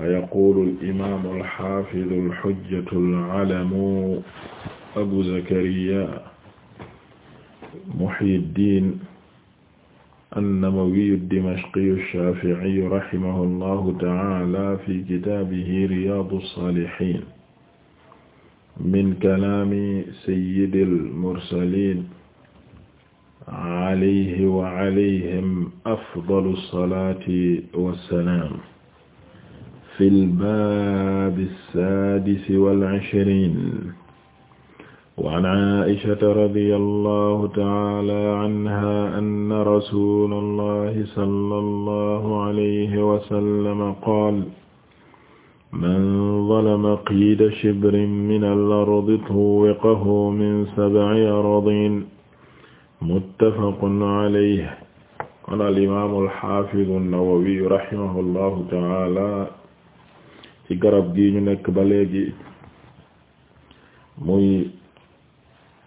فيقول الإمام الحافظ الحجة العلم أبو زكريا محي الدين النووي الدمشقي الشافعي رحمه الله تعالى في كتابه رياض الصالحين من كلام سيد المرسلين عليه وعليهم أفضل الصلاة والسلام fi lbaabi ssaadisi wal ishriin wa an Aa'ishata radiyallahu ta'aala anhaa anna rasuulallahi sallallahu alayhi wa sallam qaala man zalama qiida shibrin minal ardi tuwwiqahu min sab'i aradiin muttafaqun alayhi qaala al-imaamul haafidu an-Nawawi rahimahullahu ta'aala ci garab gi ñu nekk ba léegi muy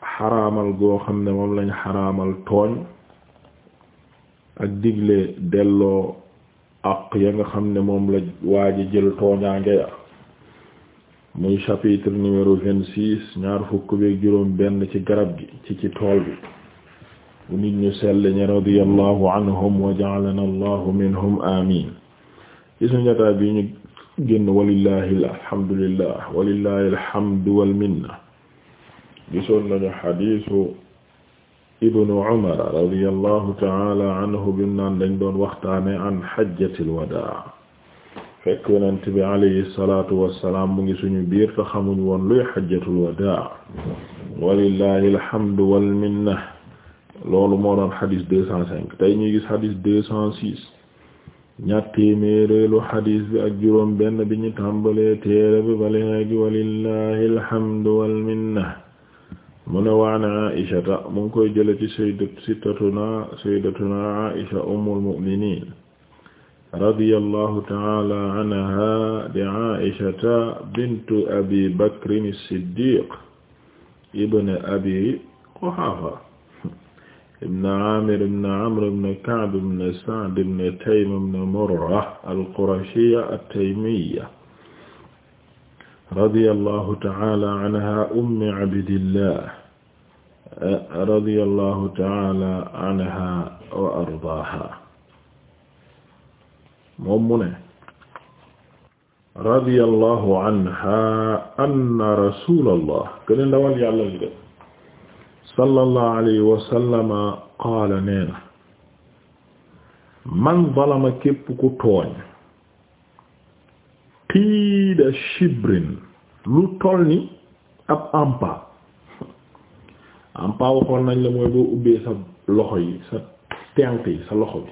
xaraamal goo xam ne moom lañ xaraamal tooñ ak digle delloo ak ya nga xam ne moom la waaji jël tooñaange ya muy chapitre numéro vingt-six ñaar fukk bi juróom benn ci garab gi ci ci tool bi bu nit ñu sell ñi radiyallahu anhum wa ja'alana allahu minhum amin ci suñu jotaay bi ñu génn walillahi alhamdulillah walillahi alhamdu wal minna gisoon nañu xadiisu ibnu umar radiyallahu taala anhu bim naan dañ doon waxtaane an xajjatil wadaa fekk yonent bi alayhi salaatu wassalaam mu ngi suñu biir te xamuñ woon luy xajjatul wadaa walillahi alhamdu wal minna loolu moo doon xadiis deux cent cinq tey ñuy gis xadiis deux cent six ñaar téeméereelu xadiis bi ak juróom benn bi ñu tàmbalee téere bi alhamdu walminna mu ne waan aishata mu ngi koy jële ci sayyidat sittatuna sayyidatuna aisha ummul mu'minin radiyallahu ta'ala abi bakrin as-siddiq ibn abi quhafa ibn Aamir ibn Amr ibn Ka'b ibn Sa'd ibn Taym ibn Murra al-Qurashiyya at-Taymiyya radiyallahu ta'ala anha ummi Abdillah radiyallahu ta'ala anha wa ardaaha moom mu ne radiyallahu anha anna rasulallah gën a ndawal yàlla li de sallallahu alayhi wa sallama qaala na man zalama képp ku tooñ qiida shibrin lu toll ni ab ampa ampa waxoon nañ la mooy boo ubbee sa loxo yi sa tenk yi sa loxo bi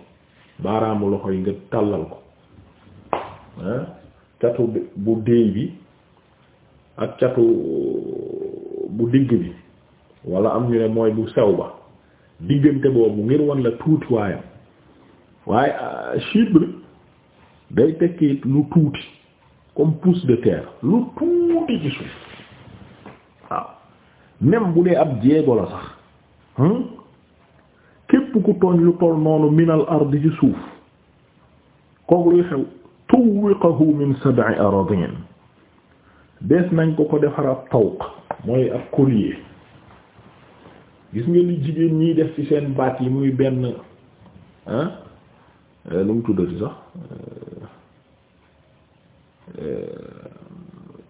baaraamu loxo yi nga tàllal ko ah catu bu déy bi ak catu bu digg bi wala am ñu ne mooy bu sew ba diggante boobu ngir won la tuuti waayam waaye ah, chibre day tekki lu tuuti comme pouce de terre lu tuuti ci suuf waaw bu dee ab jéego la sax hmm? képp ku tooñ lu toll noonu minal ardi ci suuf kooku luy xew tuwiqahu min sab'i aradin des nañ ko ko defar ab tawq mooy ab collier gis nga li jigéen ñiy def ci seen baat yi muy benn ah euh, lu mu tuddati sax euh, euh,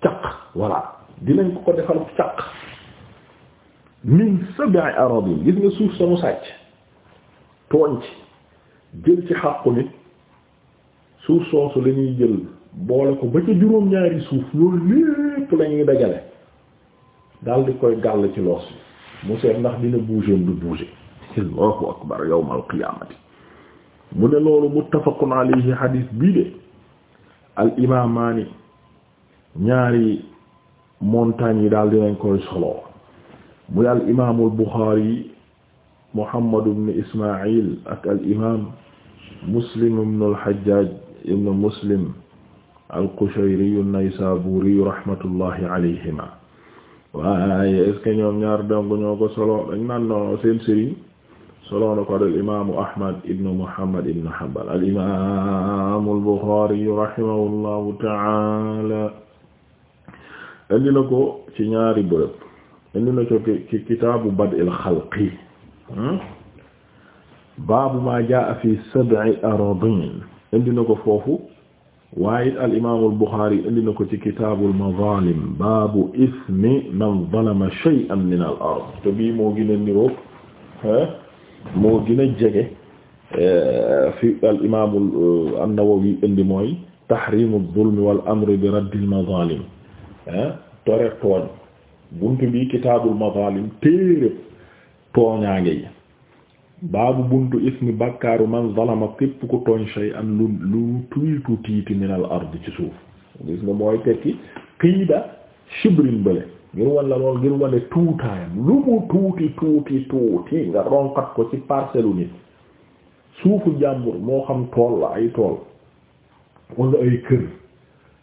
caq voilà dinañ ko ko defal caq min sab'i aradin gis nga suuf sa mu sàcc tooñ ci jël ci xàqu nit suuf soosu la ñuy jël boole ko ba ca juróom-ñaari suuf loolu lépp la ñuy dajale daal di koy gàll ci loos bi mu seet ndax dina bouger du bouger allahu akbar yawmal qiyaamati mu ne loolu muttafaqun alayhi hadith bii de al imaamaani ñaari montagnes yi daal dinañ koy solo muy al imaamul Buxaari Muhammad ibn Ismaa'il ak al imaam Muslim ibn al Hajjaaj ibn Muslim al Qushayri an-Naysaabuuri rahmatullahi alayhima waaye est-ce que ñoom ñaar dongu ñoo ko solo dañ naan no seen sëriñ solo na ko al imaamu ahmad ibnu muhammad ibnu hanbal al imaamu al buxaari rahimahullahu taala indi na ko ci ñaari bërëb indi na ko ci kitaabu bad'il xalqi hmm? baabu ma jaa fi sab'i aradin indi na ko foofu waaye it al imaam al Buxaari indi na ko ci kitaabul mazaalim man zalama shay'an min al ard te bii moo gën a niroog jege eh, fi al eh, indi mooy tahriimu zulmi wal amri bi raddil mazaalim tere tooñ buntu bi kitaabul mazaalim téere tooñaange yi baabu buntu ismi bakkaaru man zalama képp ku tooñ shay an lu lu tuitu tiiti minal ard ci suuf gis nga mooy tekki qiida shibrin bële ngir walla lool ngir wane tuutaayam lu mu tuuti tuuti tuuti nga ronkat ko ci parcelle nit suufu jàmbur moo xam tool la ay tool wala ay kër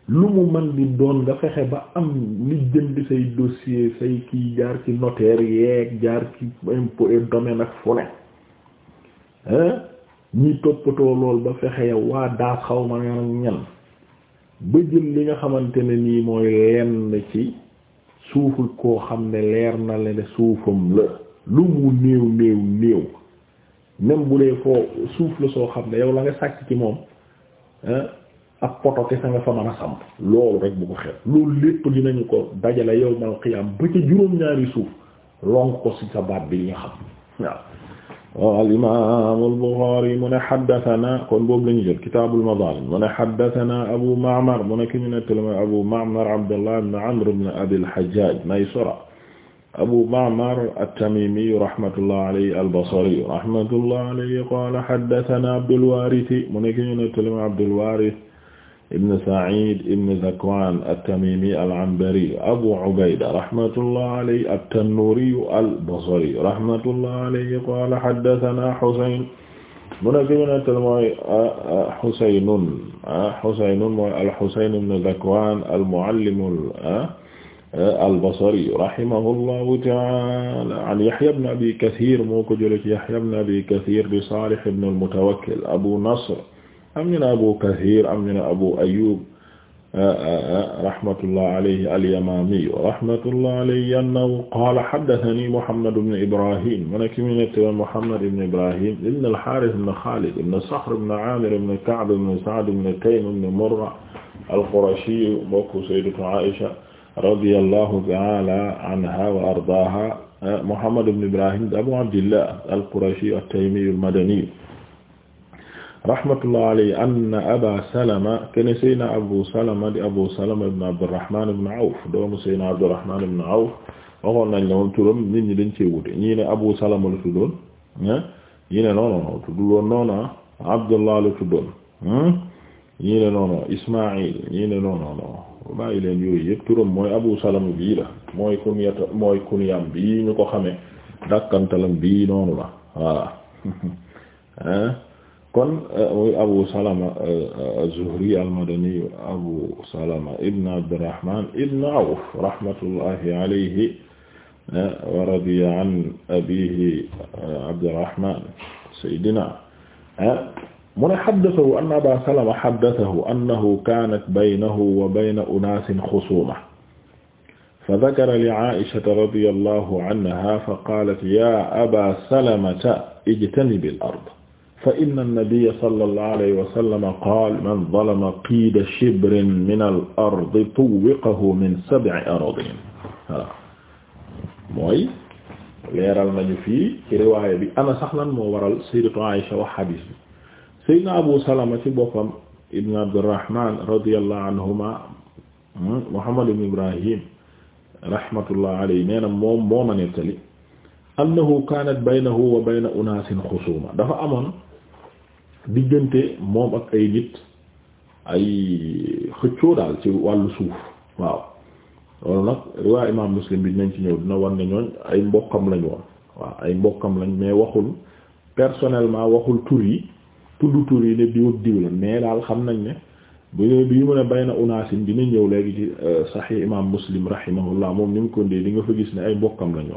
lu mu man di doon nga fexe ba am li jënd say dossier say kii jaar ci notaire yeeg jaar ci impôt et domaine ak fu ñi toppatoo lool ba fexe yow waa daas xaw ma ñan ba jël li nga xamante ne nii mooy lenn ci suufu koo xam ne leer na le ne suufam la lu mu néew néew néew même bu dee foo suuf la soo xam ne yow la nga sàcc ci moom ak poto ke sa nga fa mën a samp loolu rek bu ko xel loolu lépp dinañu ko dajale yow mal xiyam ba ca juróom-ñaari suuf lonk ko ci sa baat bi li xam waaw al imaam al Buxaari mu ne haddasanaa kon boobu la ñu jël kitaabul mazaalim mu ne haddasanaa Abu Ma'mar mu ne ki ñu nettali mooy Abu Ma'mar Abdullah ibn Amr ibn Abil Hajjaaj Maysara Abu Ma'mar at-Tamiimi rahmatullahi alayhi al-Basri rahmatullahi alayhi qaala haddasanaa Abdul Waarith mu ne ki ñu nettali mooy Abdul Waarith ibn Saïd ibn Zakwan at-Tamimi al-Anbari Abu Ubayda rahmatullah alayhi at-Tannuri al-Basri rahmatullah alayhi qala haddathana Husayn mu ne fi mu nettali mooy Husaynun Husaynun mooy al-Husayn ibn Zakwan al-Muallim al-Basri rahimahullahu ta'ala an Yahya ibn Abi Kathir moo ko jëlee ci Yahya ibn Abi Kathir di Salih ibn al-Mutawakkil Abu Nasr am ñu ne Abu Kathir am ñu ne Abu Ayyub ah, ah, ah, rahmatullah alayhi al-Yamami rahmatullah alayhi annahu qaala haddathani Muhammad ibn Ibrahim mu nekk mi nekk Muhammad ibn Ibrahim ibn al-Harith ibn Khalid ibn Sakhr ibn Amir ibn Ka'b ibn Sa'd ibn Taym ibn Murra al-Qurashi mbokk sayyidatu Aisha radiyallahu ta'ala anha wa ardaaha Muhammad ibn Ibrahim Abu Abdillah al-Qurashi at-Taymi al-Madani rahmatullah alayhi anna aba salama kene sayna abu salama di abu salama ibn abdurrahman ibn awf doomu sayna abdurrahman ñi dañ cee wute ñii ne abu salama la tuddoon ñii ne non non tudduloon noona ah. abdullah la tuddoon ñii ne non la mooy kunyata kon eh, muy Abu Salama eh, az-Zuhri al-Madani Abu Salama ibn Abdurrahman ibn Awf rahmatullahi alayhi eh, wa radiya an abihi Abdurrahman sayyidina mu ne haddathahu anna Aba Salama haddathahu annahu kaanat baynahu wa bayna unaasin xusuuma fadhakara li Aa'ishata radiyallahu anha faqaalat yaa Aba Salamata ijtanibil ard fa inna nabiyya sallallahu alayhi wa sallam qaala man zalama qiida shibrin min al-ardi tuwwiqahu min sab'i aradin voilà mooy leeral nañu fii ci riwaaya bi ana sax lan moo waral sayyidatu Aïsha wax hadiis bi sayyidina Abu Salama ci boppam ibn Abdurrahman radiyallahu anhuma hmm, Muhammad ibn Ibrahim rahmatullah alayhi nee na moom moo ma nettali annahu kaanat baynahu wa bayna unaasin xusuuma dafa amoon diggante moom ak ay nit ay xëccoo daal ci wàllu suuf waaw loolu nag riwaa imaam muslim bi dinañ ci ñëw dina war ne ñooñ ay mbokkam lañ woon waaw ay mbokkam lañ mais waxul personnellement waxul tur yi tudd tur yi ne diw diw la mais daal xam nañ ne bu bii mu bay na unaasin dinañ ñëw léegi ci euh, sahih imaam muslim rahimahullah moom ni mu ko ndee di nga fa gis ne ay mbokkam lañ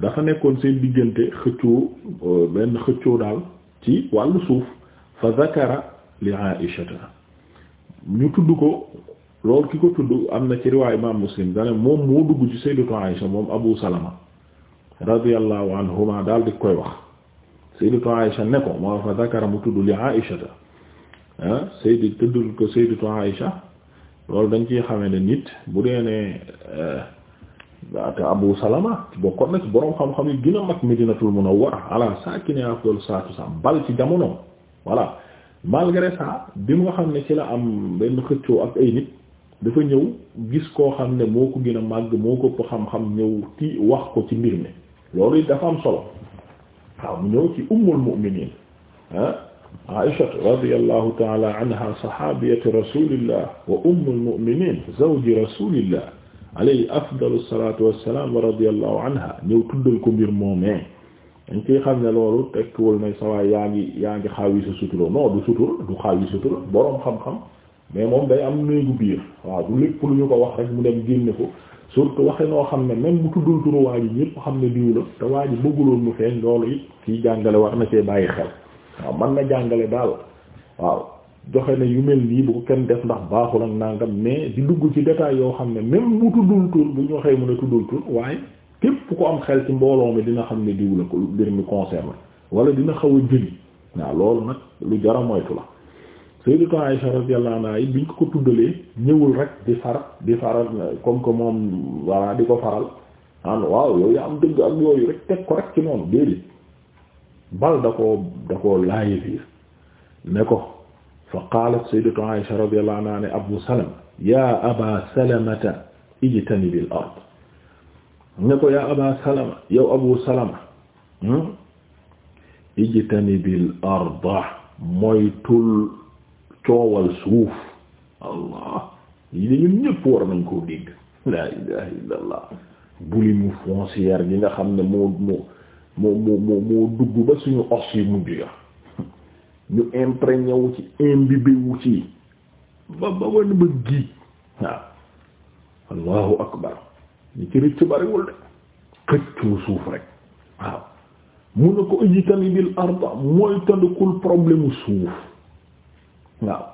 dafa nekkoon seen diggante xëccoo euh, benn xëccoo daal ci wàllu suuf fa zakara li aishata ñu tudd ko loolu ki ko tudd am na ci riwaay imam muslim dane moom moo dugg ci sayyidatu aisha moom abu salama radiyallahu anhuma daal di koy wax sayyidatu aisha ne ko moo fa dakar mu tudd li aishata ah sayyidu ko sayyidatu aisha loolu dañ ciy xamee ni nit bu dee ne eh, waate Abu Salama bokkoon na ci boroom xam-xam yi gën a mag Medinatul Munawwara ala sakini afdal saatu sa bal ci jamono voilà malgré bi mu nga xam ne ci la am benn xëccoo ak ay nit dafa ñëw gis koo xam ne moo ko gën a màgg moo ko xam-xam ñëw ti wax ko ci mbir mi loolu it dafa am solo waaw ñëw ci ummul mu'minin ah Aïcha radiyallahu ta'ala anha sahabiyatu rasulillah wa ummul mu'minin zawji rasulillah alayhi afdalu salatu wassalam wa radiyallahu anha ñëw tuddal ko mbir moomee dañ koy xam ne loolu tekkiwul ne sawaay yaa ngi yaa ngi xaawi sa sutura non du sutur du xaawi sutura boroom xam-xam mais moom day am néegu biir waaw du lépp lu ñu ko wax rek mu dem génne ko surtout waxe noo xam ne même bu tuddul turu waa ji ñëpp xam ne diw la te waa bëgguloon mu feeñ loolu it kiy jàngale war na see bàyyi xel waaw man na jàngale daal waaw joxe ne yu mel nii bu ko kenn def ndax baaxul ak nangam mais di dugg ci détail yoo xam ne même mu tuddul tur bu ñu waxee mun ne tuddul tur waaye képp ko am xel ci mbooloo mi dina xam ne diw la ko mbir mi concerné wala dina xaw a jëli waaw loolu nag lu jara moytu la Sayyidatu Aïsha radiyallahu ko ko tuddalee ñëwul rek di far di faral comme que moom di ko faral an waaw yow am dëgg ak yooyu rek teg ko rek ci noonu déedéet bal da ko da koo laaye fiir ne ko fa qaalat sayyidatu Aisha radiyallahu anha ne Abu Salama yaa Aba Salamata ijtanibil ard ne ko yaa Aba Salama yow Abu Salama hmm? ijtanibil arda moytul coowal suuf allah yi de ñun ñëpp war nañ koo dégg laa ilaha illa allah buli mu foncière gi nga xam ne moo moo moo moo moo dugg ba suñu os yi mujj ya ñu imprégné wu ci imbibé wu ci ba ba wan ba gii waaw allahu akbar ñi ci rëcc bariwul de xëccoo suuf rek waaw mun na ko ijitani bil arda mooy tandakul problème suuf waaw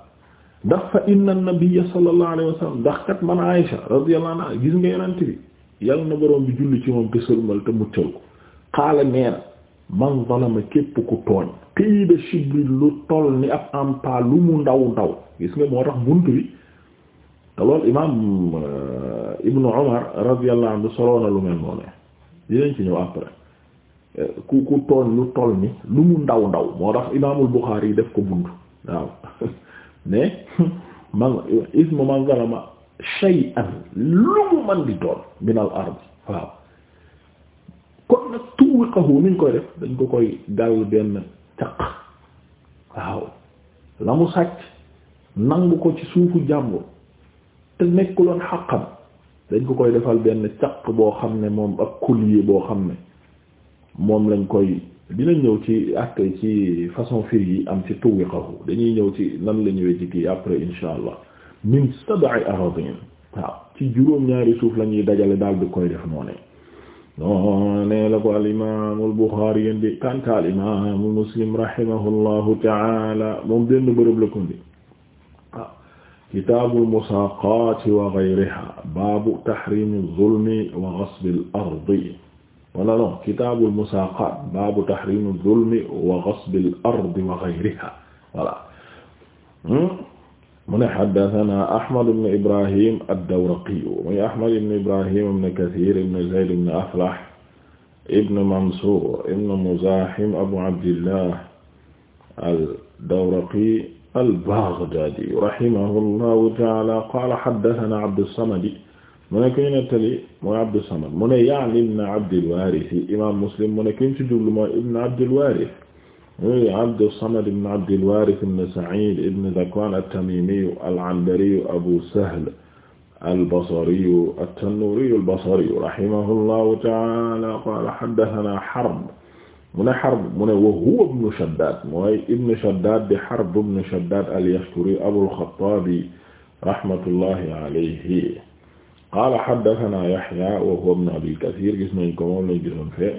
ndax fa inna nabiyya sallallahu alayhi wa ndax kat man Aïsha radiyallahu anha gis nga yonent bi yàlla na boroom bi julli ci moom te sëlmal te muccal ko xaala nee man zalama képp ku tooñ qiida shibli lu toll ni ab ampa lu mu ndaw ndaw gis nga moo tax bunt bi te loolu imaam euh, ibnu umar radiyallahu anhu soloona lu mel noonu dinañ ci ñëw après ku ku tooñ lu toll ni lu mu ndaw ndaw moo tax imaamul buxaari yi def ko bunt waaw ne man ismu man zalama shay'an lu mu man di doon min al ardi waaw kon nag tuwiqahu nuñ koy def dañ ko koy gàll benn caq waaw la mu sàcc nangu ko ci suufu jàmbur te nekkuloon xaqam dañ ko koy defal benn caq boo xam ne moom ak collier boo xam ne moom lañ koy dina ñëw ci ak ci façon fir yi am ci tuwiqahu dañuy ñëw ci nan la ñëwee ci kii après insha allah min sab'i aradin waaw ci juróom-ñaari suuf la ñuy dajale daal di koy def noonu noonee la ko al imam al Bukhari yen di kanta al imam Muslim rahimahullahu taala moom benn bërëb la ko ndi waaw ah, kitaabul musaaqaati wa ghayrihaa baabu taxriimi zulmi wa ghasbil ardi wala non kitaabul musaaqaat baabu taxriimi zulmi wa ghasbil ardi wa ghayrihaa voilà hmm? mu ne haddathana Ahmad ibn Ibrahim ad-Dawraqi muy Ahmad ibn Ibrahim ibn Kathir ibn Zayd ibn Aflah ibn Mansur ibn Muzahim Abu Abdillah ad-Dawraqi al-Baghdadi rahimahullahu ta'ala qala haddathana Abdus-Samad mu ne koy nettali mooy Abdus-Samad mu ne ya'ni ibn Abdil Warith imam Muslim mu ne koy ci jublu mooy ibn Abdil Warith muy Abdu Samad ibn Abdil Waaris ibn Sa'iid ibn Dhakwaan at-Tamiimiyu al-Anbariyu Abu Sahl al-Basriyu at-Tannuuriyu al-Basriyu rahimahullahu ta'aala qaala haddathanaa Harb mu ne Harb mu ne wa huwa ibnu Shaddaad mooy ibnu Shaddaad di Harb ibnu Shaddaad al-Yashkuri Abul Khattaabi rahmatullahi alayhi qaala haddathanaa Yahyaa wa huwa ibnu Abii Kathiir gis nañ ko moom lañ gisoon fee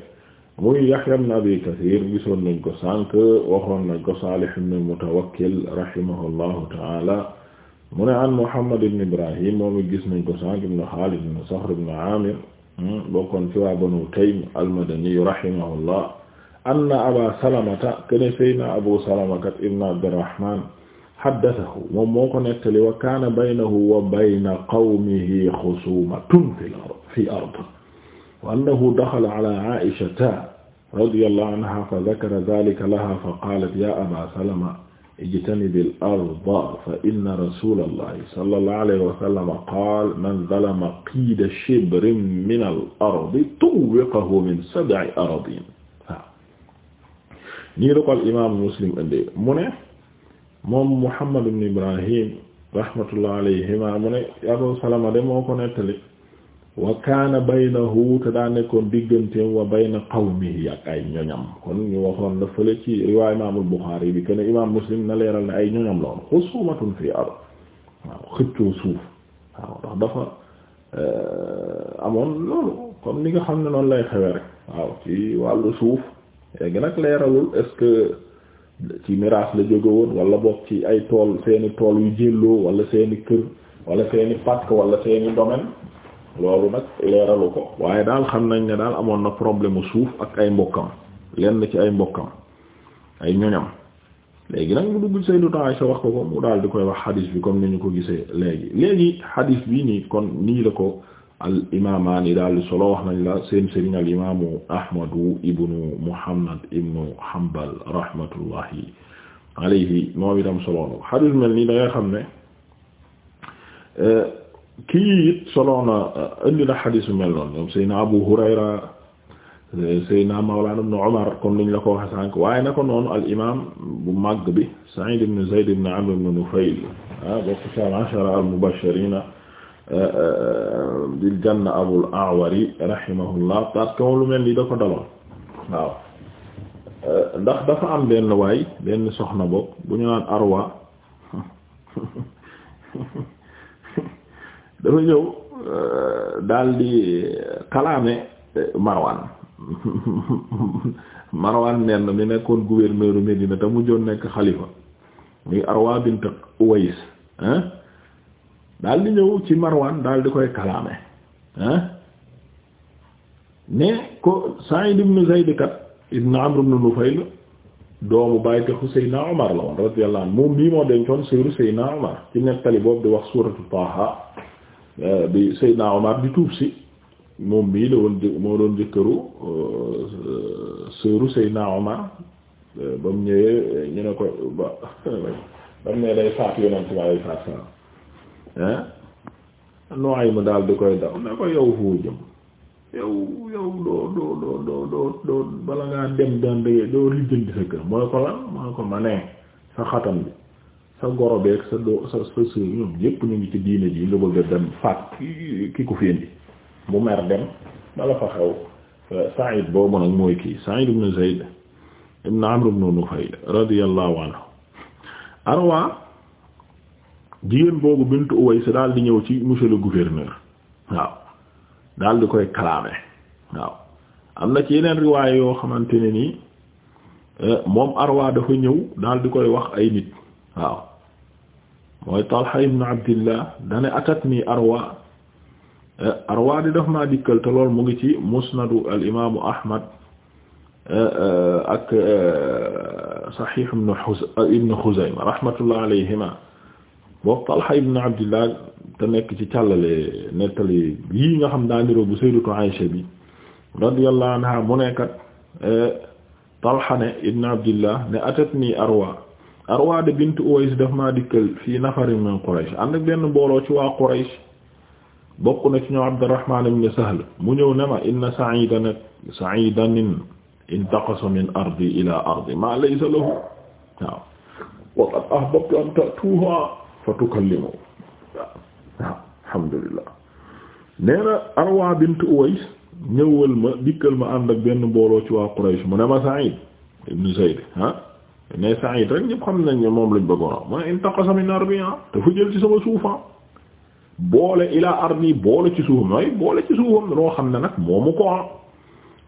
muy Yahya ibn Abi Kathir gisoon nañ ko sànq waxoon nañ ko Salih ibn Mutawakkil rahimahullahu ta'ala mu ne an Muhammad ibn Ibrahim moom it gis nañ ko sànq ibn Khalid ibn Sakhr ibn Amir hmm, bokkoon ci waa Banu Taym al-Madani rahimahullah anna Aba Salamata kana sayna Abu Salamata ibn Abdurrahman haddathahu moom moo ko nettali wa kaana baynahu wa bayna qawmihi xusuumatun fi ard fi ard wa annahu daxala ala Aishata radiyallahu anha fa dhakara dhalika laha fa qalat ya aba salama ijtanibil arda fa inna rasulallahi sallallahu alayhi wa sallam qaala man zalama qiida shibrin minal ardi tuwwiqahu min sab'i aradin waaw nii la ko al imaamu Muslim indee mu ne moom Muhammad ibn Ibrahim rahmatullahi alayhima mu ne Abu Salama de moo ko nettali wa kaana baynahu te daa nekkoon digganteem wa bayna qawmihi ak ay ñoñam kon ñu waxoon la fële ci riwaay imaamul Buxaari bi kenn imaam Muslim na leeral ne ay ñoñam la woon xusumatun fii ard waaw xëccoo suuf waaw ndax dafa euh, amoon loolu comme ni nga xam ne noonu lay xewe rek waaw ci wàllu suuf léegi nag leeralul est-ce que ci miraas la jóge woon wala bokk ci ay tool seeni tool yu jélloo wala seeni kër wala seeni pàkk wala seeni domaine loolu nag leeralu ko waaye daal xam nañ ne daal amoon na problème mu suuf ak ay mbokkam lenn ci ay mbokkam ay ñoñam léegi nag mu dugg Sayyidatu Aisha wax ko ko mu daal di koy wax xadiis bi comme ni ñu ko gisee léegi léegi xadiis nii kon nii la ko al imaamaani daal di solo wax nañ la seen sëriñ al imaamu Ahmadu ibnu Muhammad ibnu Hanbal rahmatullahi alayhi moom itam solo la xadiis mel nii da nga xam ne. Euh, kii it solo na uh, indi na xadiis bu mel noonu ñoom Abu Hurayra Seydina Mawlana ibn Umar comme niñ la ko waxe sànk waaye na ko noonu al imaam bu màgg bi Sa'id ibn Zayd ibn Amr ibn Nufayl ah bokk ci al-ashara al-mubashirina uh, uh, bil janna Abul A'wari rahimahullah parce que lu mel ni da daloon ndax dafa am benn waay benn soxna bopp bu ñu naan Arwa dafa ñëw euh, daal di euh, kalaame euh, Marwan Marwan nenn mi nekkoon gouverneur u Médina te mujjoon nekk xalifa muy Arwa bint Uways hein daal di ñëw ci Marwan daal di koy kalaame hein ne ko Sa'id ibn Zayd kat ibn Amr ibn Nufayl doomu bàyyi te Seydina Omar la woon radiyallahu anhu moom bii moo dencoon sëru Seydina Omar ci nettali boobu di wax suuratu Taaha Euh, bi Seydina Omar di tuub si moom mii la moo doon jëkkëru euh, sëru Seydina Omar euh, ba mu ñëwee ñu ne ko ba ba mu ne day faat yonent bi alayhi salaam ah nooy mu daal di koy daw ne ko yow foo jëm yow yow doo doo doo doo doo doo bala ngaa dem daan dëgg doo lijjanti sa kër mooy ko lan mooy ko ma sa xatam bi sa gorobeeg sa doo sa sa sa ñoom yépp ñu ngi ci diine ji nga bëgg a dem faat ki ko féndi bu mer dem bala fa xew euh, Sa'id boobu nag mooy kii Sa'id ibn Zayd ibn Amr ibn Nufayl di ñëw ci monsieur le koy kalaame na ci yeneen riwaay yoo xamante ne nii euh, moom Arwa dafa ñëw daal di koy wax ay nit waaw mooy Talha ibn Abdillah dane atatni arwa eh, arwa di daf maa dikkal te mu ngi ci musnadu al imaamu Ahmad eh, eh, ak Sahih ibn Khuzayma rahmatullah alayhima boobu Talha ibn Abdillah te nekk ci càllale nettali yii nga xam daa niroo bu sayyidatu Aïsha bi radiyallahu mu nekkat Talha ne ibn Abdillah ne atatni arwa Arwaada bint Uways daf maa dikkal fii nafarin min Quraysh ànd ak benn mbooloo ci waa Quraysh bokk na ci ñoo Abdurrahman ibn Sahl mu ñëw ne ma inna sa'idan sa'idan intaqasa min ardi ila ardi ma laysa lahu waaw wa qad ahbabtu an ta'tuha fa tukallimu waaw waaw alhamdulillah nee na Arwa bint Uways ñëwal ma dikkal ma ànd ak benn mbooloo ci waa Quraysh mu ne ma Sa'id ibn Zayd ha ne Saïd rek ñëpp xam nañ ne moom lañ bëggoon a mu ne intaqasa min ardi ah, dafa jël ci sama suufam ah, boole ilaa ardi boole ci suufam mooy loo xam ne nag mu ko ah.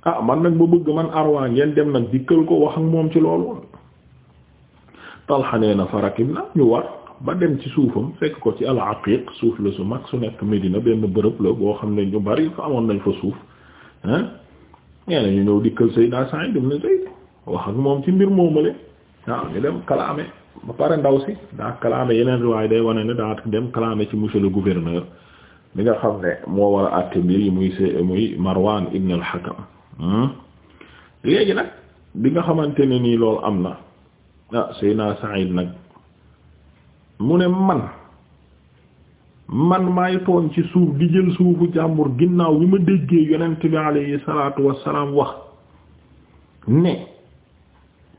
ah man nag ba bëgg man arwa ngeen dem nag dikkal ko wax ak moom ci loolu Talha nee na farakim na ñu war ba dem ci suufam fekk ko ci al aqiq suuf la su mag su nekk Medina benn bërëb la boo xam ne ñu bari fa amoon nañ fa suuf ah nee na ñu ñëw dikkal Sayyid Sa'id ibn Zayd wax ak moom ci mbir moomale waaw ñu dem kalaame ba pare ndaw si daa kalaame yeneen riwaay day wane ne daa dem kalaame ci monsieur le gouverneur mi nga xam ne moo war a àtte mbir yi muy se muy Marwan ibn al hmm? léegi nag bi nga xamante ne nii loolu am na ah Seyna Saïd nag mu ne man man maay tooñ ci suuf di jël suufu jàmbur ginnaaw bi ma déggee yonent bi alayhi salaatu wassalaam wax ne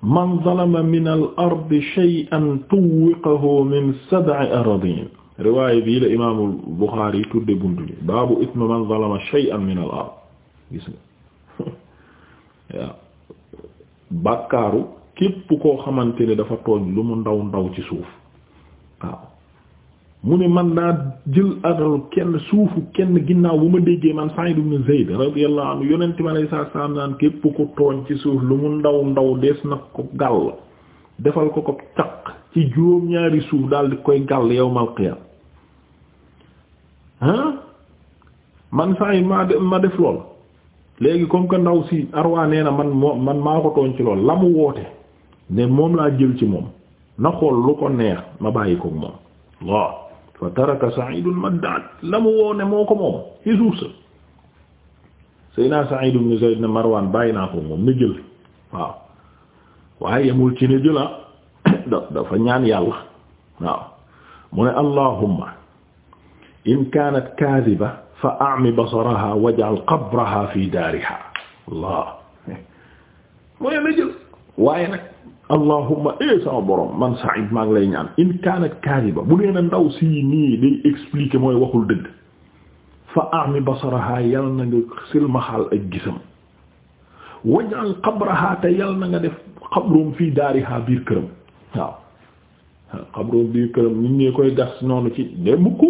man zalama min al ardi shay'an tuwwiqahu min sab'i aradin riwaaya bii la imaamul Buxaari tudde bunt bi baabu isma man zalama shay'an min al ard gis nga waaw bàkkaaru képp koo xamante ne dafa tooñ lu mu ndaw ndaw ci suuf waaw mu ne man daa jël alal kenn suufu kenn ginnaaw bu ma déggee man Sa'id ibn Zayd radiyallahu anhu yonente mi alay saa salaam naan képp ku tooñ ci suuf lu mu ndaw ndaw dees nag ko gàll defal ko ko caq ci juróom-ñaari suuf daal di koy gàll yow qiyaam ah man Sa'id ma ma def lool léegi comme que ndaw si arwaa nee na man moo man maa ko tooñ ci lool la mu woote ne moom laa jël ci moom na xool lu ko neex ma bàyyi ko moom waaw fa taraka Sa'idun madda'at la mu woo ne moo ko moom ci suuf sa Seydina Sa'id ibn Zayd ne Marwan bàyyi naa ko moom na jël waaw waaye yemul ci ne jëla ah. da dafa ñaan yàlla waaw mu ne allahumma in kaanat kaadiba fa a'mi basaraha waj'al qabraha fi daariha allah mu ne na jël waaye nag allahumma eh sama borom man Saïd maa ngi lay ñaan in kaanat kaadiba bu nee na ndaw si nii day expliquer mooy waxul dëgg fa ami basaraha yal na nga silmaxaal ak gisam waj'al qabraha te yal na nga def xabroom fii daariha biir këram waaw xabroom biir këram nit ñee koy gas noonu ci de mukk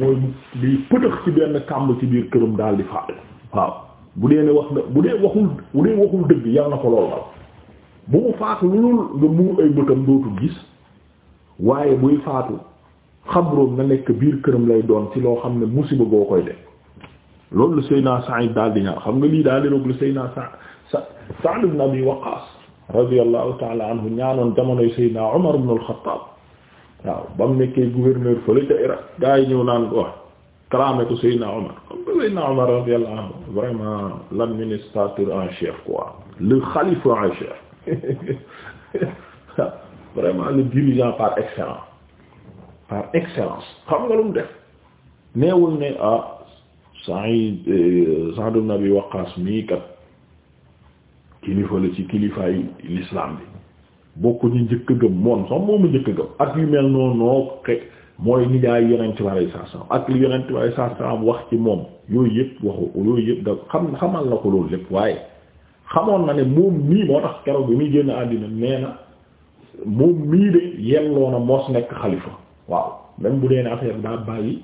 mooy liy pëtëx ci benn kàmb ci biir këram daal di faatu waaw bu dee ne wax na bu dee waxul bu dee waxul dëgg yal na ko lool bu mu faatu lu nga muur ay bëtam dootul gis waaye buy faatu xabroom na nekk biir këram lay doon ci loo xam ne musiba goo koy def loolu la Seydina daal di ñaan xam nga lii daal di roog la Seydina Sa Sa'd ibn Abi Waqqas radiyallahu ta'ala anhu ñaanoon jamonoy Seydina Umar ibn al-Khattab waaw ba mu nekkee gouverneur fële ca Irak gaa yi ñëw naan wax clamé ko Seydina Omar xam nga Seydina Omar vraiment le dirigeant par excellence par excellence xam nga lu mu def neewul ne ah Sa'id eh, Sa'd ibn Abi Waqqas mii kat kilifa la ci kilifaay l'islam bi bokk ñu njëkk a gëm moom sax moomu njëkk a gëm ak yu mel noonu noo xe mooy nijaay yonent bi alayhi salaam ak li yonent bi alayhi salaam wax ci moom yooyu yëpp waxu yooyu yëpp da xam xamal la ko loolu lépp waaye xamoon na ne moom mii moo tax keroog bi muy génn àddina nee na moom mii de yelloo na mos nekk xalifa waaw même bu dee ne affaire daa bàyyi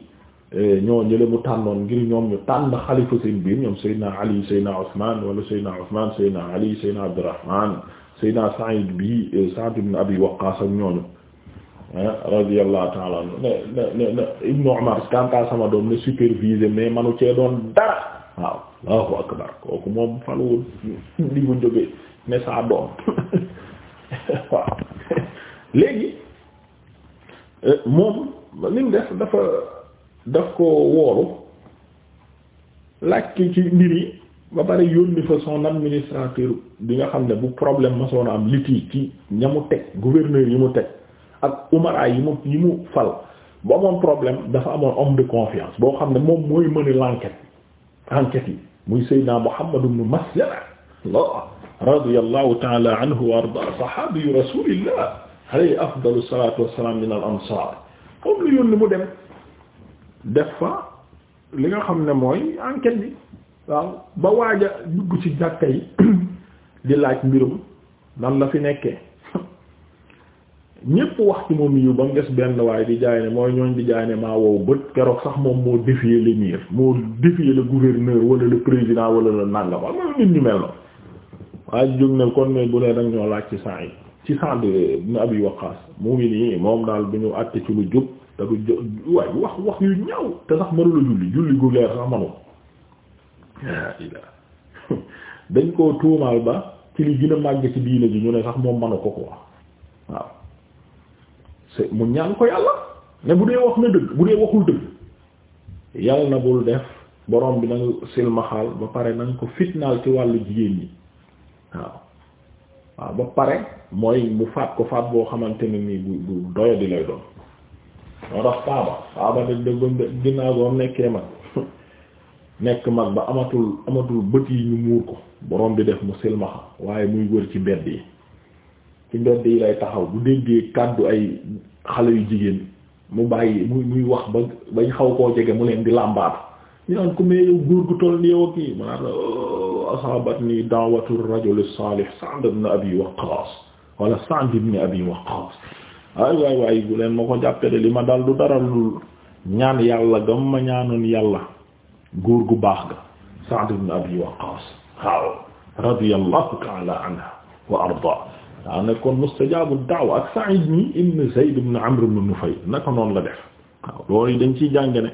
eh, ñoo ñële mu tànnoon ngir ñoom ñu tànn xalifa seen biir ñoom Seydina Ali Seydina Ousmane wala Seydina Ousmane Seydina Ali Seydina Abdurrahman Seydina Saïd bi eh, Sa'd ibn Abi Waqqas ak ñooñu eh, radiyallahu ta'ala anhu ne ne ne Ibn Umar kanta sama doom ne supervisé mais manu cee doon dara waaw Allahu akbar kooku moom faluwul li mu jóge ne saa doom waaw léegi euh, moom li mu def dafa daf ko wóolu laaj ci mbir yi ba pare yónni fa son administrateur bi nga xam ne bu problème ma soon a am litii ci ña mu teg gouverneur yi mu teg ak umara yi mu yi mu fal bu amoon problème dafa amoon homme de confiance boo xam ne moom mooy mën l'enquête enquêtes yi muy Seydina Muhammad ibn Maslama Allah radiyallahu ta'ala anhu wa arda sahabi rasulillah alayhi afdalu salatu wassalam min al ansar moom la yónni mu dem def fa li nga xam ne mooy enquête bi waaw ba waaj a dugg ci jàkka yi di laaj mbirum nan la fi nekkee ñépp wax ci moom yiw ba mu des benn waaye di jaay ne mooy ñooñ di jaay ne maa wow bët keroog sax moom moo défier l'émir moo défier le gouverneur wala le président wala le nangam ak mooy nit ñu mel noonu waaye jóg ne kon mais bu ne nag ñoo laaj ci saa yi ci Sa'd ibn Abi mu ngi nii moom daal bu ñu àtte ci lu jub te du jo waaye wax wax yu ñaaw te sax mënula julli julli gu leer sax manul dañ koo tuumaal ba ci li gën a màgg ci diine ji ñu ne sax moom manu ko ko mu ñaan ko yàlla ne bu dee wax na dëgg bu dee waxul dëgg yàlla na bul def borom bi na nga silmaxaal ba pare na nga ko fitnaal ci wàllu jigéen ñi waaw waaw ba pare mooy mu faat ko faat boo xamante ne nii bu bu doya di lay doon moo tax faaba faaba de de ginnaaw boo nekkee mag nekk mag ba amatul amatul bët yi ñu muur ko borom bi def mu silmaxa waaye muy wër ci bedd yi ci mbedd yi lay taxaw bu déggee kàddu ay xale yu jigéen mu bàyyi muy muy wax ba bañ xaw koo jege mu leen di làmbaatu ñu naan ko mais gu toll nii yow kii maanaam oh, asaabat nii daawatu rajul salih Sa'd ibn Abi Waqqas Abi Waqqas ay waay bu leen ma ko jàppale li ma dal du dara lu ñaan yàlla gam ñaanoon yàlla góor gu baax ga Sa'd ibn Abi Waqqas waaw radiyallahu ta'ala anha wa arda waaw nekkoon mustajaabu daaw ak Sa'id mi ibn Zayd ibn Amr ibn Nufayl naka noonu la def waaw loolu yi dañ ciy jàng ne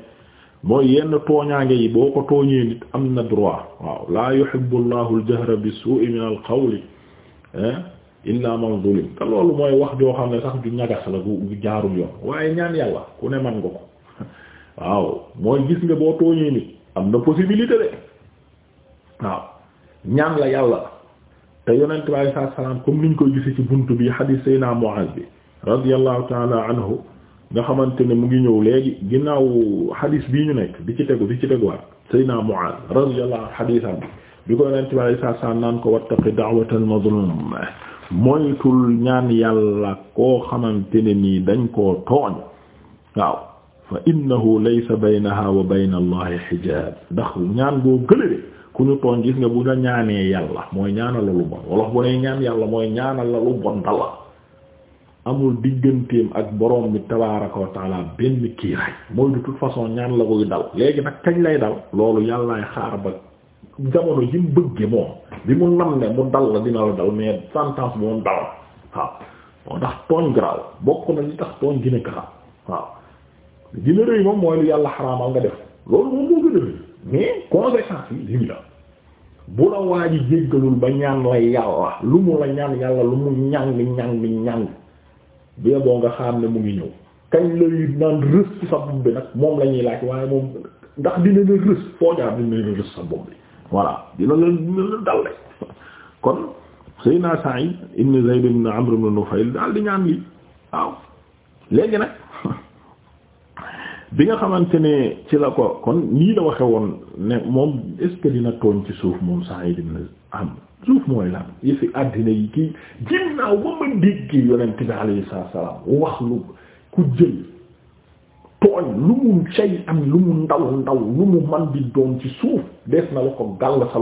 mooy yenn tooñaange yi boo ko tooñee nit am na droit waaw laa yuhibbu Allahu al-jahra bis-su'i loolu mooy wax joo xam ne sax du ñagas la bu jaarul yoon waaye ñaan yàlla ku ne man nga ko waaw mooy gis nga boo tooñee nit am na possibilité de waaw ñaan la yàlla te yonent bi alayhi salaam comme niñ koy gisee ci buntu bi naa sayna Muaz bi radiyallahu taala anhu nga xamante ne mu ngi ñëw léegi ginnaaw hadith bii ñu nekk di ci tegu di ci teguwaat sayna Muaz radiyallahu hadithan bi ko yonent bi alayhi salaam naan ko wattaqi da'watal mazlum moytul ñaan yàlla koo xamante ne nii dañ koo tooñ waaw fa innahu laysa baynaha wa bayna allahi ndax ñaan boo gëlëre ku ñu tooñ gis nga bu la ñaanee yàlla mooy ñaanal la lu bon wolof bu ne ñaan yàlla mooy ñaanal la lu bon dala amul digganteem ak borom bi tabaaraka wa taala benn kiiraay mooy de toute façon ñaan la koy dal léegi nag kañ lay dal loolu yàllaay xaar ba jamono yi mu bëgge moom bi mu nam ne mu dal la dina la dal mais sentence moom dal waaw moo tax tooñ garaaw bokk na li tax tooñ gën a waaw gën a moom mooy lu yàlla xaraamal nga def loolu moom mais conséquence yi lii la bu la waa ji jéggalul ba ñaan la yàlla lu mu la ñaan yàlla lu mu ñàng ñàng ñàng bee boo nga xam ne mu ngi ñëw kañ la yi naan rës ci sa bopp bi nag moom la ñuy laaj waaye moom ndax dina la rës foo jaar dina la rës sa bopp bi voilà dina la dina la dal kon Seydina Sa'id ibn Zayd ibn Amr ibn Nufayl daal di ñaan lii waaw léegi nag bi nga xamante ne ci la ko kon nii la waxe woon ne moom est-ce que dina tooñ ci suuf moom Sa'id ibn Amr suuf mooy lan yëfi àddina yi kii ginnaaw ba ma dégg yonent bi alayhi salaam wax lu ku jël tooñ lu mu cay am lu mu ndaw ndaw lu mu man di doon ci suuf des na la ko gàll sa